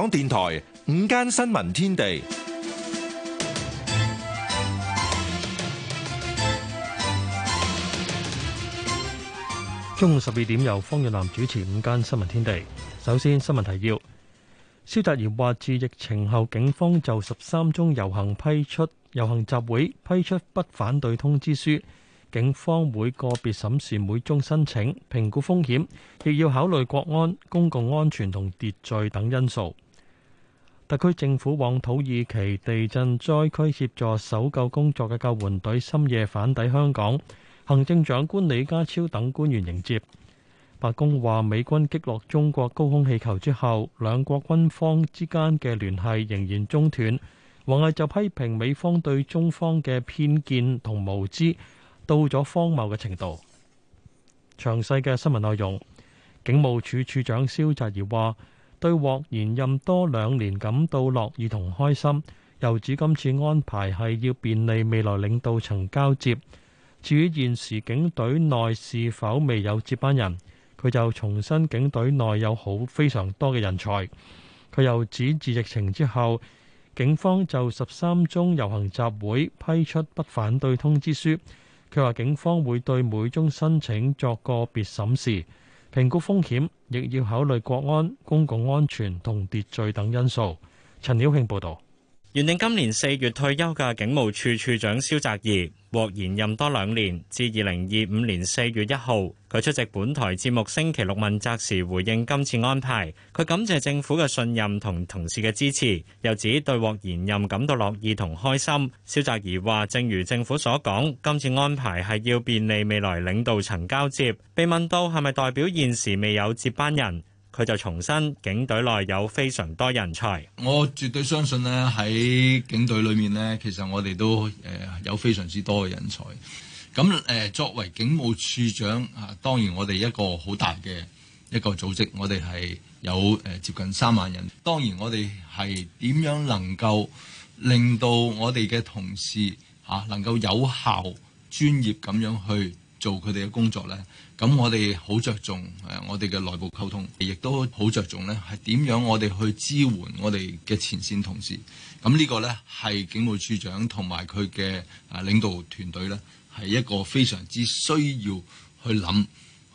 香港電台五間新聞天地，中午十二點由方若南主持《五間新聞天地》天地。首先新聞提要：蕭澤頤話，自疫情後，警方就十三宗遊行批出遊行集會批出不反對通知書，警方會個別審視每宗申請，評估風險，亦要考慮國安、公共安全同秩序等因素。特區政府往土耳其地震災區協助搜救工作嘅救援隊深夜返抵香港，行政長官李家超等官員迎接。白宮話美軍擊落中國高空氣球之後，兩國軍方之間嘅聯繫仍然中斷。王毅就批評美方對中方嘅偏見同無知到咗荒謬嘅程度。詳細嘅新聞內容，警務處處長蕭澤頤話。對獲延任多兩年感到樂意同開心。又指今次安排係要便利未來領導層交接。至於現時警隊內是否未有接班人，佢就重申警隊內有好非常多嘅人才。佢又指自疫情之後，警方就十三宗遊行集會批出不反對通知書。佢話警方會對每宗申請作個別審視。評估風險亦要考慮國安、公共安全同秩序等因素。陳曉慶報道。原定今年四月退休嘅警務處處長蕭澤頤獲延任多兩年，至二零二五年四月一號。佢出席本台節目《星期六問責》時回應今次安排。佢感謝政府嘅信任同同事嘅支持，又指對獲延任感到樂意同開心。蕭澤頤話，正如政府所講，今次安排係要便利未來領導層交接。被問到係咪代表現時未有接班人？佢就重申，警隊內有非常多人才。我絕對相信呢，喺警隊裏面呢，其實我哋都誒，有非常之多嘅人才。咁誒，作為警務處長啊，當然我哋一個好大嘅一個組織，我哋係有誒接近三萬人。當然我哋係點樣能夠令到我哋嘅同事吓，啊、能夠有效專業咁樣去。做佢哋嘅工作咧，咁我哋好着重誒，我哋嘅內部溝通，亦都好着重咧，係點樣我哋去支援我哋嘅前線同事。咁呢個咧，係警務處長同埋佢嘅啊領導團隊咧，係一個非常之需要去諗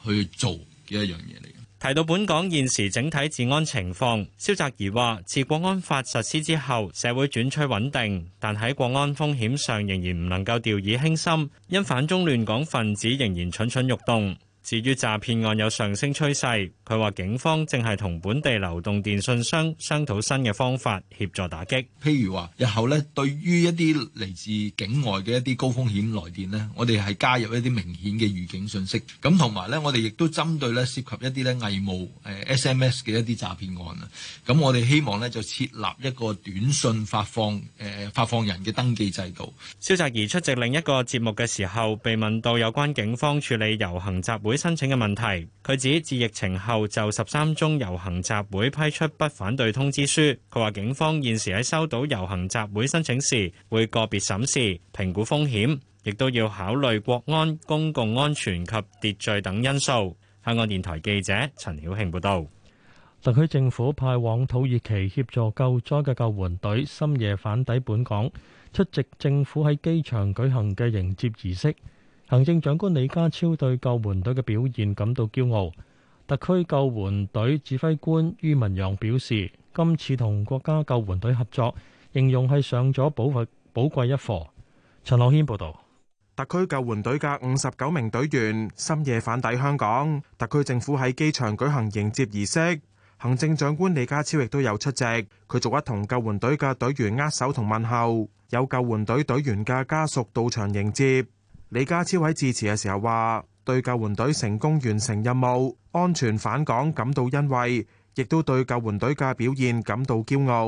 去做嘅一樣嘢嚟嘅。提到本港現時整體治安情況，蕭澤頤話：自《國安法》實施之後，社會轉趨穩定，但喺國安風險上仍然唔能夠掉以輕心，因反中亂港分子仍然蠢蠢欲動。至於詐騙案有上升趨勢，佢話警方正係同本地流動電訊商商討新嘅方法協助打擊。譬如話，日後咧對於一啲嚟自境外嘅一啲高風險來電咧，我哋係加入一啲明顯嘅預警信息。咁同埋呢，我哋亦都針對涉及一啲咧偽冒 SMS 嘅一啲詐騙案啊。咁我哋希望呢，就設立一個短信發放、呃、發放人嘅登記制度。蕭澤頤出席另一個節目嘅時候，被問到有關警方處理遊行集會申請嘅問題，佢指自疫情後就十三宗遊行集會批出不反對通知書。佢話警方現時喺收到遊行集會申請時，會個別審視、評估風險，亦都要考慮國安、公共安全及秩序等因素。香港電台記者陳曉慶報道。特區政府派往土耳其協助救災嘅救援隊深夜返抵本港，出席政府喺機場舉行嘅迎接儀式。行政長官李家超對救援隊嘅表現感到驕傲。特區救援隊指揮官于文陽表示，今次同國家救援隊合作，形容係上咗寶貴寶貴一課。陳樂軒報導，特區救援隊嘅五十九名隊員深夜返抵香港，特區政府喺機場舉行迎接儀式。行政長官李家超亦都有出席，佢逐一同救援隊嘅隊員握手同問候，有救援隊隊員嘅家屬到場迎接。李家超喺致詞嘅時候話，對救援隊成功完成任務、安全返港感到欣慰，亦都對救援隊嘅表現感到驕傲。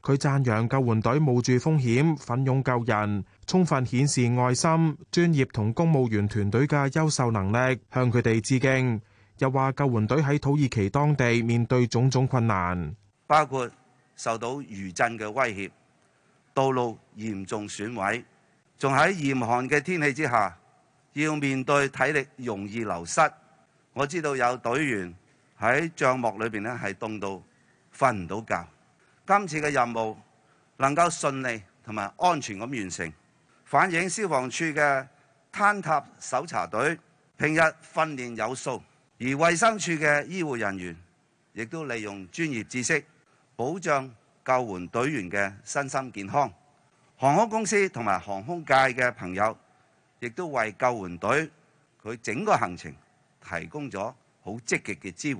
佢讚揚救援隊冒住風險、奮勇救人，充分顯示愛心、專業同公務員團隊嘅優秀能力，向佢哋致敬。又話救援隊喺土耳其當地面對種種困難，包括受到餘震嘅威脅、道路嚴重損毀。仲喺嚴寒嘅天氣之下，要面對體力容易流失。我知道有隊員喺帳幕裏邊咧係凍到瞓唔到覺。今次嘅任務能夠順利同埋安全咁完成，反映消防處嘅坍塌搜查隊平日訓練有素，而衛生處嘅醫護人員亦都利用專業知識保障救援隊員嘅身心健康。航空公司同埋航空界嘅朋友，亦都為救援隊佢整個行程提供咗好積極嘅支援，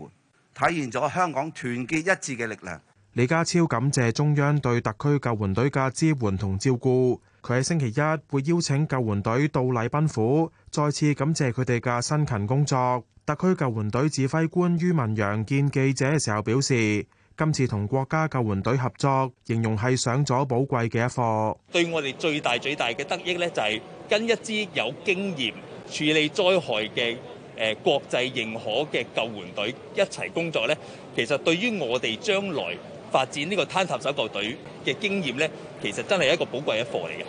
體現咗香港團結一致嘅力量。李家超感謝中央對特區救援隊嘅支援同照顧，佢喺星期一會邀請救援隊到禮賓府，再次感謝佢哋嘅辛勤工作。特區救援隊指揮官于文陽見記者嘅時候表示。今次同國家救援隊合作，形容係上咗寶貴嘅一課。對我哋最大最大嘅得益呢，就係跟一支有經驗處理災害嘅誒國際認可嘅救援隊一齊工作呢。其實對於我哋將來發展呢個坍塌搜救隊嘅經驗呢，其實真係一個寶貴嘅一課嚟嘅。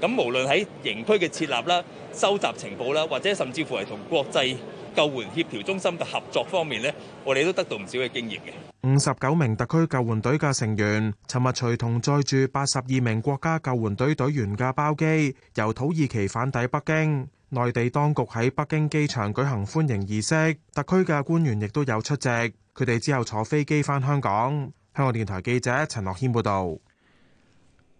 咁無論喺營區嘅設立啦、收集情報啦，或者甚至乎係同國際救援協調中心嘅合作方面呢，我哋都得到唔少嘅經驗嘅。五十九名特區救援隊嘅成員，尋日隨同載住八十二名國家救援隊隊員嘅包機，由土耳其返抵北京。內地當局喺北京機場舉行歡迎儀式，特區嘅官員亦都有出席。佢哋之後坐飛機返香港。香港電台記者陳樂謙報導。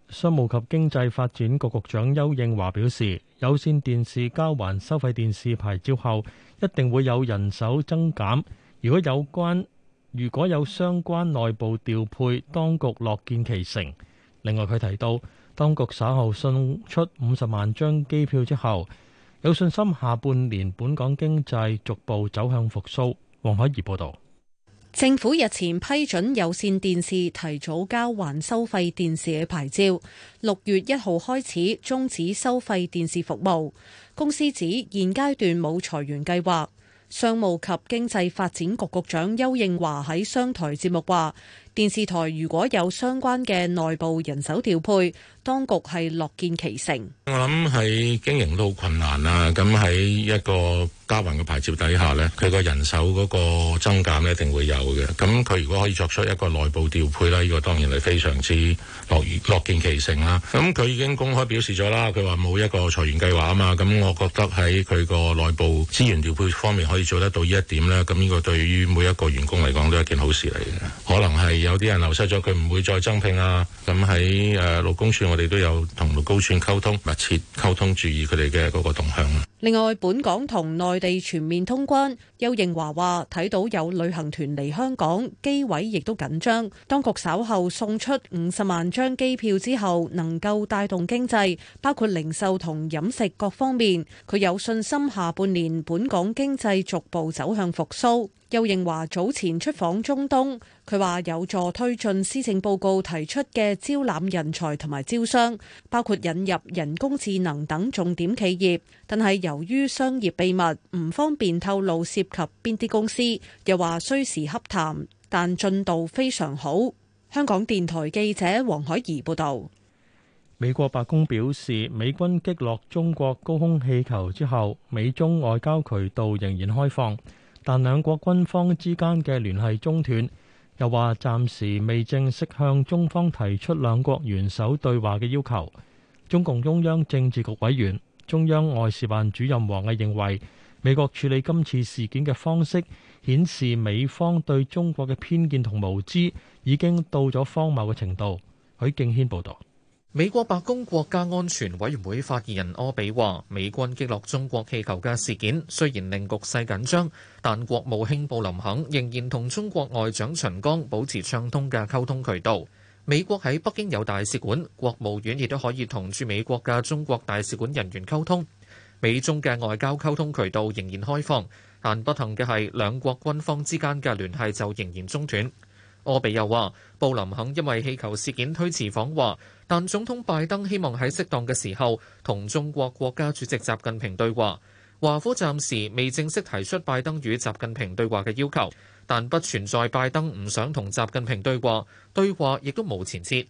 商務及經濟發展局局長邱應華表示，有線電視交還收費電視牌照後，一定會有人手增減。如果有關如果有相關內部調配，當局樂見其成。另外，佢提到，當局稍後送出五十萬張機票之後，有信心下半年本港經濟逐步走向復甦。黃海怡報導。政府日前批准有線電視提早交還收費電視嘅牌照，六月一號開始終止收費電視服務。公司指現階段冇裁員計劃。商務及經濟發展局局長邱應樺喺商台節目話，電視台如果有相關嘅內部人手調配。當局係樂見其成。我諗喺經營都好困難啦、啊，咁喺一個嘉運嘅牌照底下呢，佢個人手嗰個增減咧一定會有嘅。咁佢如果可以作出一個內部調配啦，呢、這個當然係非常之樂樂見其成啦、啊。咁佢已經公開表示咗啦，佢話冇一個裁員計劃啊嘛。咁我覺得喺佢個內部資源調配方面可以做得到呢一點呢。咁呢個對於每一個員工嚟講都係件好事嚟嘅。可能係有啲人流失咗，佢唔會再增聘啊。咁喺誒勞工處。我哋都有同路高選溝通，密切溝通，注意佢哋嘅嗰個動向。另外，本港同內地全面通關，邱應華話睇到有旅行團嚟香港，機位亦都緊張，當局稍後送出五十萬張機票之後能夠帶動經濟，包括零售同飲食各方面。佢有信心下半年本港經濟逐步走向復甦。邱應華早前出訪中東，佢話有助推進施政報告提出嘅招攬人才同埋招商，包括引入人工智能等重點企業。但係，由於商業秘密唔方便透露，涉及邊啲公司，又話需時洽談，但進度非常好。香港電台記者黃海怡報導。美國白宮表示，美軍擊落中國高空氣球之後，美中外交渠道仍然開放，但兩國軍方之間嘅聯繫中斷。又話暫時未正式向中方提出兩國元首對話嘅要求。中共中央政治局委員。中央外事辦主任王毅認為，美國處理今次事件嘅方式，顯示美方對中國嘅偏見同無知已經到咗荒謬嘅程度。許敬軒報道。美國白宮國家安全委員會發言人柯比話，美軍擊落中國氣球嘅事件雖然令局勢緊張，但國務卿布林肯仍然同中國外長秦剛保持暢通嘅溝通渠道。美國喺北京有大使館，國務院亦都可以同駐美國嘅中國大使館人員溝通。美中嘅外交溝通渠道仍然開放，但不幸嘅係兩國軍方之間嘅聯繫就仍然中斷。柯比又話，布林肯因為氣球事件推遲訪華，但總統拜登希望喺適當嘅時候同中國國家主席習近平對話。華府暫時未正式提出拜登與習近平對話嘅要求。但不存在拜登唔想同習近平對話，對話亦都無前設。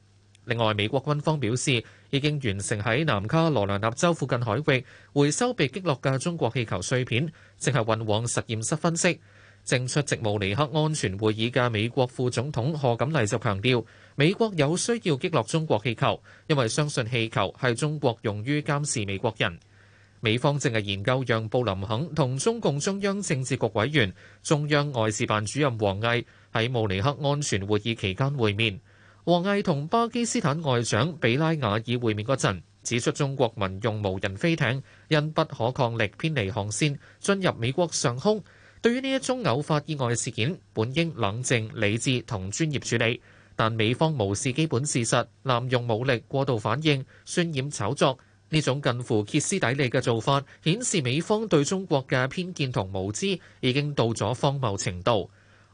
另外，美國軍方表示已經完成喺南卡羅來納州附近海域回收被擊落嘅中國氣球碎片，正係運往實驗室分析。正出席慕尼克安全會議嘅美國副總統賀錦麗就強調，美國有需要擊落中國氣球，因為相信氣球係中國用於監視美國人。美方正係研究讓布林肯同中共中央政治局委員、中央外事辦主任王毅喺慕尼克安全會議期間會面。王毅同巴基斯坦外長比拉瓦爾會面嗰陣，指出中國民用無人飛艇因不可抗力偏離航線，進入美國上空。對於呢一宗偶發意外事件，本應冷靜理智同專業處理，但美方無視基本事實，濫用武力過度反應，渲染炒作呢種近乎歇斯底里嘅做法，顯示美方對中國嘅偏見同無知已經到咗荒謬程度。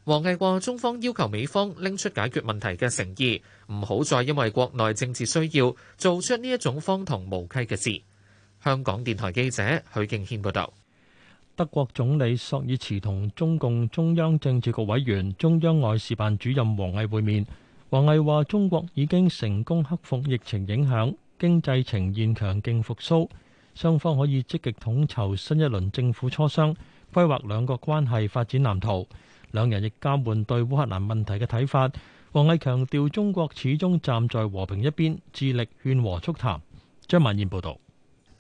王毅話：中方要求美方拎出解決問題嘅誠意，唔好再因為國內政治需要做出呢一種荒唐無稽嘅事。香港電台記者許敬軒報道。德國總理朔爾茨同中共中央政治局委員、中央外事辦主任王毅會面。王毅話：中國已經成功克服疫情影響。經濟呈現強勁復甦，雙方可以積極統籌新一輪政府磋商，規劃兩國關係發展藍圖。兩人亦交換對烏克蘭問題嘅睇法。王毅強調，中國始終站在和平一邊，致力勸和促談。張曼燕報導。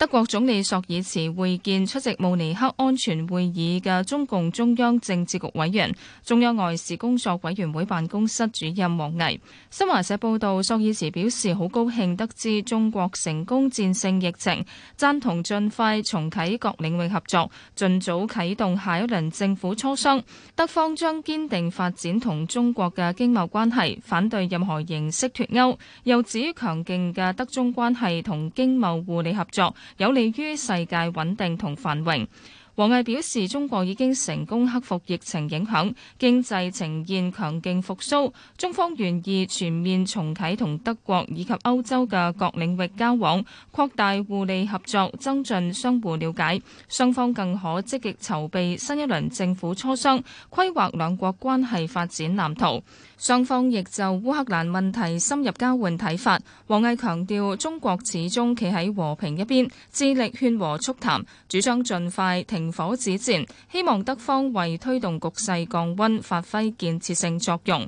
德國總理朔爾茨會見出席慕尼黑安全會議嘅中共中央政治局委員、中央外事工作委員會辦公室主任王毅。新華社報道，朔爾茨表示好高興得知中國成功戰勝疫情，贊同盡快重啟各領域合作，盡早啟動下一輪政府磋商。德方將堅定發展同中國嘅經貿關係，反對任何形式脫歐。又指強勁嘅德中關係同經貿互利合作，有利於世界穩定同繁榮，王毅表示，中國已經成功克服疫情影響，經濟呈現強勁復蘇，中方願意全面重啟同德國以及歐洲嘅各領域交往，擴大互利合作，增進相互了解。雙方更可積極籌備新一輪政府磋商，規劃兩國關係發展藍圖。雙方亦就烏克蘭問題深入交換睇法。王毅強調，中國始終企喺和平一邊，致力勸和促談，主張盡快停火止戰，希望德方為推動局勢降溫發揮建設性作用。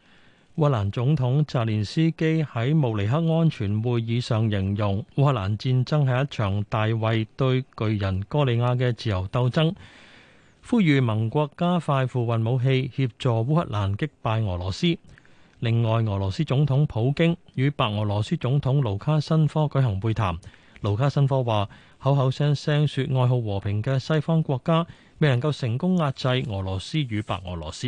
烏克蘭總統澤連斯基喺慕尼黑安全會議上形容，烏克蘭戰爭係一場大衛對巨人哥利亞嘅自由鬥爭，呼籲盟國加快付運武器協助烏克蘭擊敗俄羅斯。另外，俄羅斯總統普京與白俄羅斯總統盧卡申科舉行會談，盧卡申科話：口口聲聲說愛好和平嘅西方國家未能夠成功壓制俄羅斯與白俄羅斯。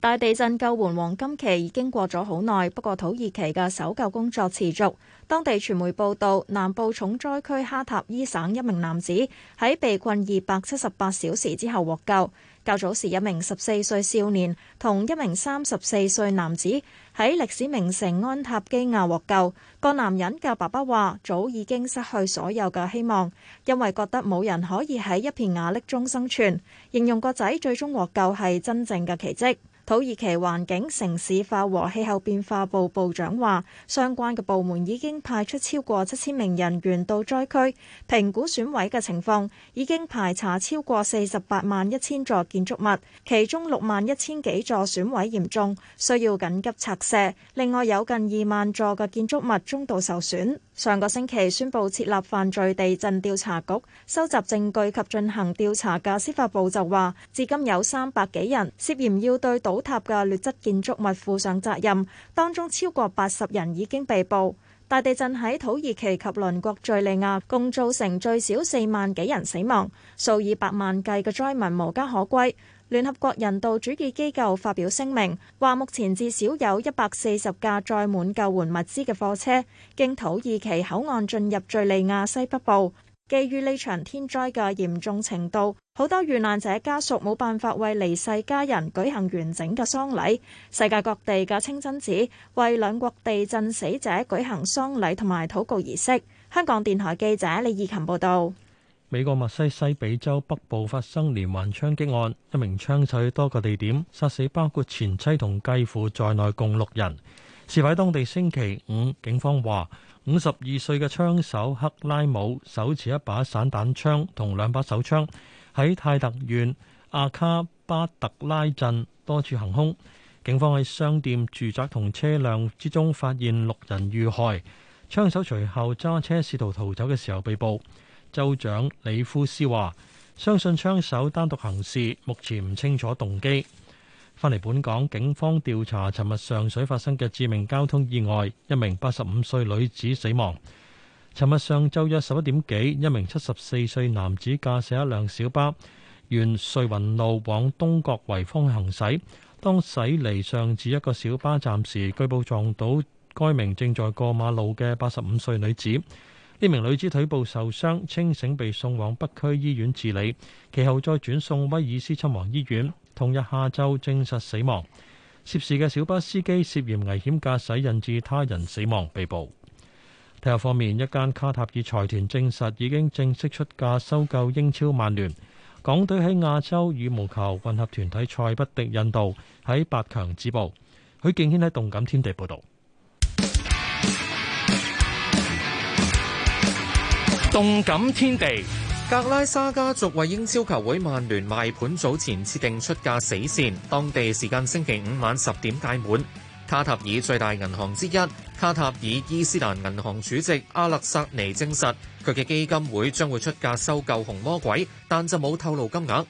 大地震救援黃金期已經過咗好耐，不過土耳其嘅搜救工作持續。當地傳媒報道，南部重災區哈塔伊省一名男子喺被困二百七十八小時之後獲救。較早時，一名十四歲少年同一名三十四歲男子喺歷史名城安塔基亞獲救。個男人嘅爸爸話，早已經失去所有嘅希望，因為覺得冇人可以喺一片瓦礫中生存，形容個仔最終獲救係真正嘅奇蹟。土耳其環境、城市化和氣候變化部部長話：相關嘅部門已經派出超過七千名人員到災區評估損毀嘅情況，已經排查超過四十八萬一千座建築物，其中六萬一千幾座損毀嚴重，需要緊急拆卸。另外有近二萬座嘅建築物中度受損。上個星期宣布設立犯罪地震調查局，收集證據及進行調查嘅司法部就話，至今有三百幾人涉嫌要對倒倒塌嘅劣質建築物負上責任，當中超過八十人已經被捕。大地震喺土耳其及鄰國敘利亞共造成最少四萬幾人死亡，數以百萬計嘅災民無家可歸。聯合國人道主義機構發表聲明，話目前至少有一百四十架載滿救援物資嘅貨車經土耳其口岸進入敘利亞西北部。基於呢場天災嘅嚴重程度，好多遇難者家屬冇辦法為離世家人舉行完整嘅喪禮。世界各地嘅清真寺為兩國地震死者舉行喪禮同埋禱告儀式。香港電台記者李義琴報道。美國密西西比州北部發生連環槍擊案，一名槍手喺多個地點殺死包括前妻同繼父在內共六人。事喺當地星期五，警方話五十二歲嘅槍手克拉姆手持一把散彈槍同兩把手槍，喺泰特縣阿卡巴特拉鎮多處行兇。警方喺商店、住宅同車輛之中發現六人遇害。槍手隨後揸車試圖逃走嘅時候被捕。州長里夫斯話：相信槍手單獨行事，目前唔清楚動機。返嚟本港，警方調查尋日上水發生嘅致命交通意外，一名八十五歲女子死亡。尋日上晝約十一點幾，一名七十四歲男子駕駛一輛小巴，沿瑞雲路往東角圍方向行駛，當駛離上至一個小巴站時，據報撞到該名正在過馬路嘅八十五歲女子。呢名女子腿部受傷，清醒被送往北區醫院治理，其後再轉送威爾斯親王醫院，同日下晝證實死亡。涉事嘅小巴司機涉嫌危險駕駛，引致他人死亡，被捕。體育方面，一間卡塔爾財團證實已經正式出價收購英超曼聯。港隊喺亞洲羽毛球混合團體賽不敵印度，喺八強止步。許敬軒喺動感天地報道。動感天地，格拉沙家族為英超球會曼聯賣盤，早前設定出價死線，當地時間星期五晚十點屆滿。卡塔爾最大銀行之一卡塔爾伊斯蘭銀行主席阿勒薩尼證實，佢嘅基金會將會出價收購紅魔鬼，但就冇透露金額。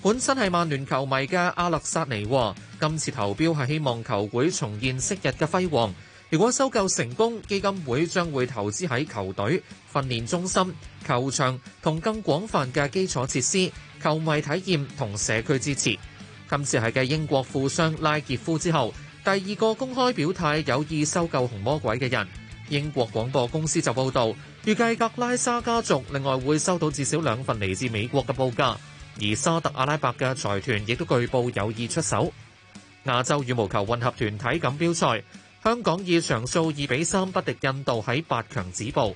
本身係曼聯球迷嘅阿勒薩尼話，今次投標係希望球會重現昔日嘅輝煌。如果收購成功，基金會將會投資喺球隊、訓練中心、球場同更廣泛嘅基礎設施、球迷體驗同社區支持。今次係繼英國富商拉傑夫之後，第二個公開表態有意收購紅魔鬼嘅人。英國廣播公司就報道，預計格拉沙家族另外會收到至少兩份嚟自美國嘅報價，而沙特阿拉伯嘅財團亦都據報有意出手。亞洲羽毛球混合團體錦標賽。香港以場數二比三不敵印度，喺八強止步。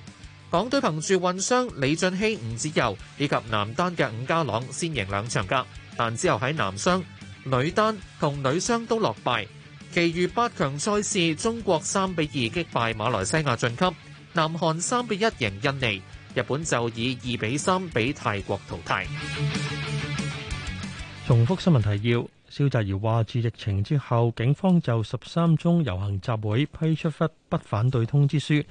港隊憑住混雙李晉熙吳芷柔以及男單嘅伍家朗先贏兩場㗎，但之後喺男雙、女單同女雙都落敗。其餘八強賽事，中國三比二擊敗馬來西亞晉級，南韓三比一贏印尼，日本就以二比三俾泰國淘汰。重複新聞提要。蕭澤頤話：自疫情之後，警方就十三宗遊行集會批出一份不反對通知書，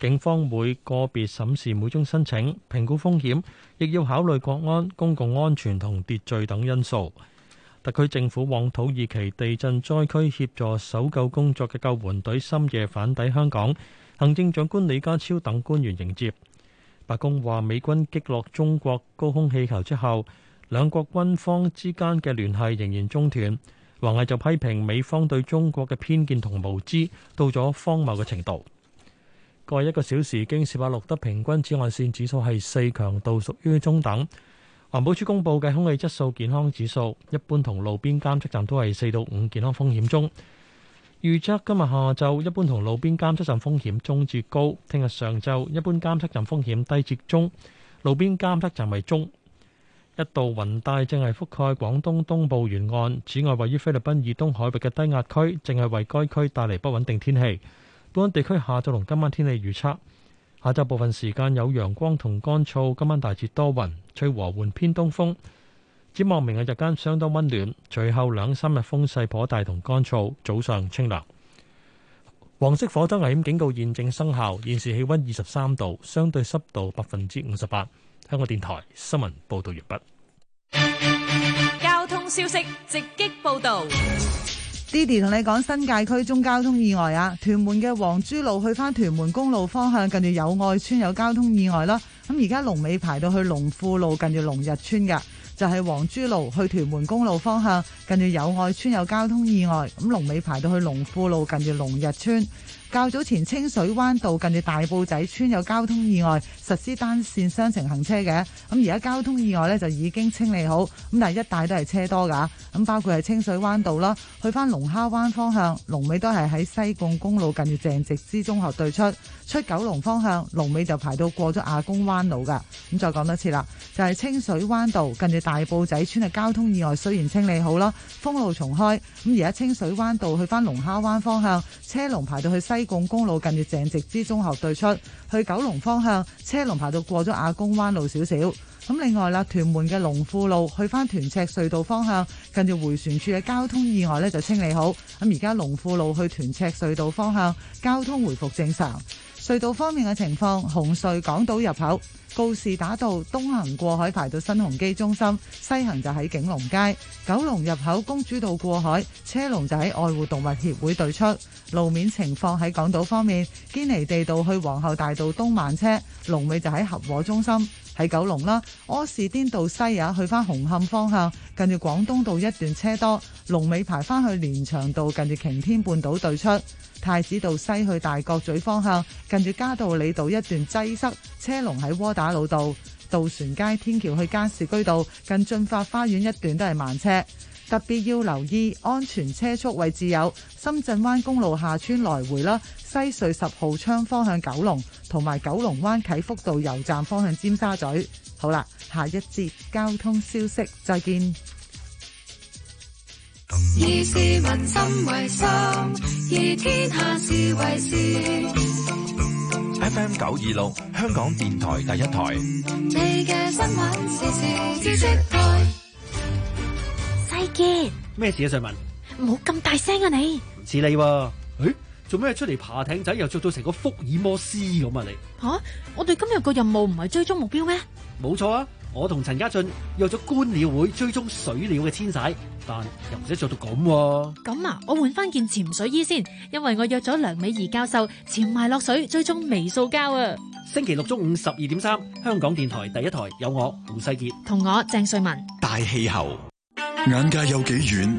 警方會個別審視每宗申請，評估風險，亦要考慮國安、公共安全同秩序等因素。特區政府往土耳其地震災區協助搜救工作嘅救援隊深夜返抵香港，行政長官李家超等官員迎接。白宮話：美軍擊落中國高空氣球之後。兩國軍方之間嘅聯繫仍然中斷。王毅就批評美方對中國嘅偏見同無知到咗荒謬嘅程度。過去一個小時，京士柏錄得平均紫外線指數係四，強度屬於中等。環保署公布嘅空氣質素健康指數，一般同路邊監測站都係四到五，健康風險中。預測今日下晝，一般同路邊監測站風險中至高；聽日上晝，一般監測站風險低至中，路邊監測站為中。一度雲帶正係覆蓋廣東東部沿岸，此外位於菲律賓以東海域嘅低壓區，正係為該區帶嚟不穩定天氣。本地區下晝同今晚天氣預測：下晝部分時間有陽光同乾燥，今晚大致多雲，吹和緩偏東風。展望明日日間相當温暖，隨後兩三日風勢頗大同乾燥，早上清涼。黃色火災危險警告現正生效，現時氣温二十三度，相對濕度百分之五十八。香港電台新聞報導完畢。消息直擊報道 Diddy 同你講，新界區中交通意外啊！屯門嘅黃珠路去返屯門公路方向，近住友愛村有交通意外啦。咁而家龍尾排到去龍富路，近住龍日村嘅，就係、是、黃珠路去屯門公路方向，近住友愛村有交通意外。咁龍尾排到去龍富路，近住龍日村。較早前清水灣道近住大埔仔村有交通意外，實施單綫雙程行車嘅，咁而家交通意外咧就已經清理好，咁但係一帶都係車多噶，咁包括係清水灣道啦，去翻龍蝦灣方向龍尾都係喺西貢公路近住鄭植之中學對出，出九龍方向龍尾就排到過咗亞公灣路噶，咁再講多次啦，就係清水灣道近住大埔仔村嘅交通意外雖然清理好啦，封路重開，咁而家清水灣道去翻龍蝦灣方向車龍排到去西。西貢公路近住鄭植之中學對出去九龍方向，車龍排到過咗亞公灣路少少。咁另外啦，屯門嘅龍富路去返屯赤隧道方向，近住回旋處嘅交通意外呢就清理好。咁而家龍富路去屯赤隧道方向，交通回復正常。隧道方面嘅情況，紅隧港島入口告士打道東行過海排到新鴻基中心，西行就喺景隆街；九龍入口公主道過海車龍就喺愛護動物協會對出。路面情況喺港島方面，堅尼地道去皇后大道東慢車，龍尾就喺合和中心。喺九龍啦，柯士甸道西啊，去翻紅磡方向，近住廣東道一段車多，龍尾排翻去連翔道，近住擎天半島對出，太子道西去大角咀方向，近住嘉道理道一段擠塞，車龍喺窩打老道、渡船街天橋去加士居道，近駿發花園一段都係慢車，特別要留意安全車速位置有深圳灣公路下村來回啦，西隧，十號窗，方向九龍，同埋九龍灣啟福道油站方向，尖沙咀。好啦，下一節交通消息再見。以市民心為心，以天下事為先。FM 九二六，香港電台第一台。你嘅新聞時時知識台。西杰，咩事啊？瑞文，唔好咁大聲啊！你似你誒。做咩出嚟爬艇仔又着到成個福爾摩斯咁啊你吓？我哋今日個任務唔係追蹤目標咩？冇錯啊！我同陳家俊約咗觀鳥會追蹤水鳥嘅遷徙，但又唔使着到咁。咁啊！我換翻件潛水衣先，因為我約咗梁美儀教授潛埋落水追蹤微塑膠啊！星期六中午十二點三，香港電台第一台有我胡世杰同我鄭瑞文大氣候眼界有幾遠，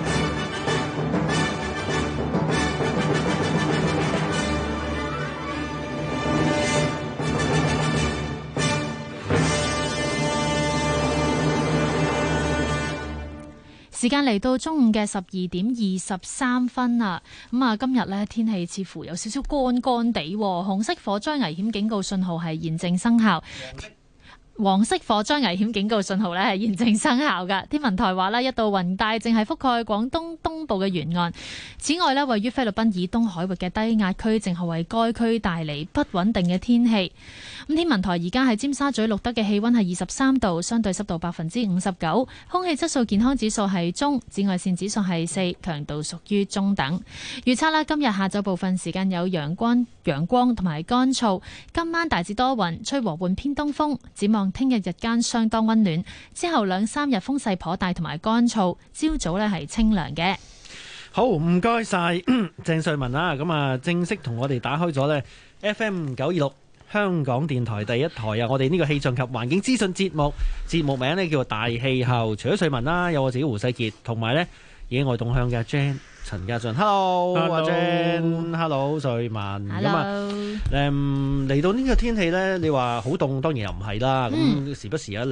時間嚟到中午嘅十二點二十三分啦，咁啊今日咧天氣似乎有少少乾乾地，紅色火災危險警告信號係現正生效。黃色火災危險警告信號咧係現正生效噶。天文台話呢一道雲帶正係覆蓋廣東東部嘅沿岸。此外呢，位於菲律賓以東海域嘅低壓區正係為該區帶嚟不穩定嘅天氣。咁天文台而家喺尖沙咀錄得嘅氣溫係二十三度，相對濕度百分之五十九，空氣質素健康指數係中，紫外線指數係四，強度屬於中等。預測啦，今日下晝部分時間有陽光。陽光同埋乾燥，今晚大致多雲，吹和緩偏東風。展望聽日日間相當溫暖，之後兩三日風勢頗大同埋乾燥，朝早呢係清涼嘅。好，唔該晒鄭瑞文啦，咁啊正式同我哋打開咗呢 FM 九二六香港電台第一台啊，我哋呢個氣象及環境資訊節目，節目名呢叫做《大氣候》。除咗瑞文啦，有我自己胡世傑，同埋呢野外動向嘅 Jan 陳家俊，Hello，阿 Jean，Hello，瑞文，咁啊，Hello，誒、嗯，嚟到呢個天氣咧，你話好凍，當然又唔係啦，咁、嗯、時不時啊。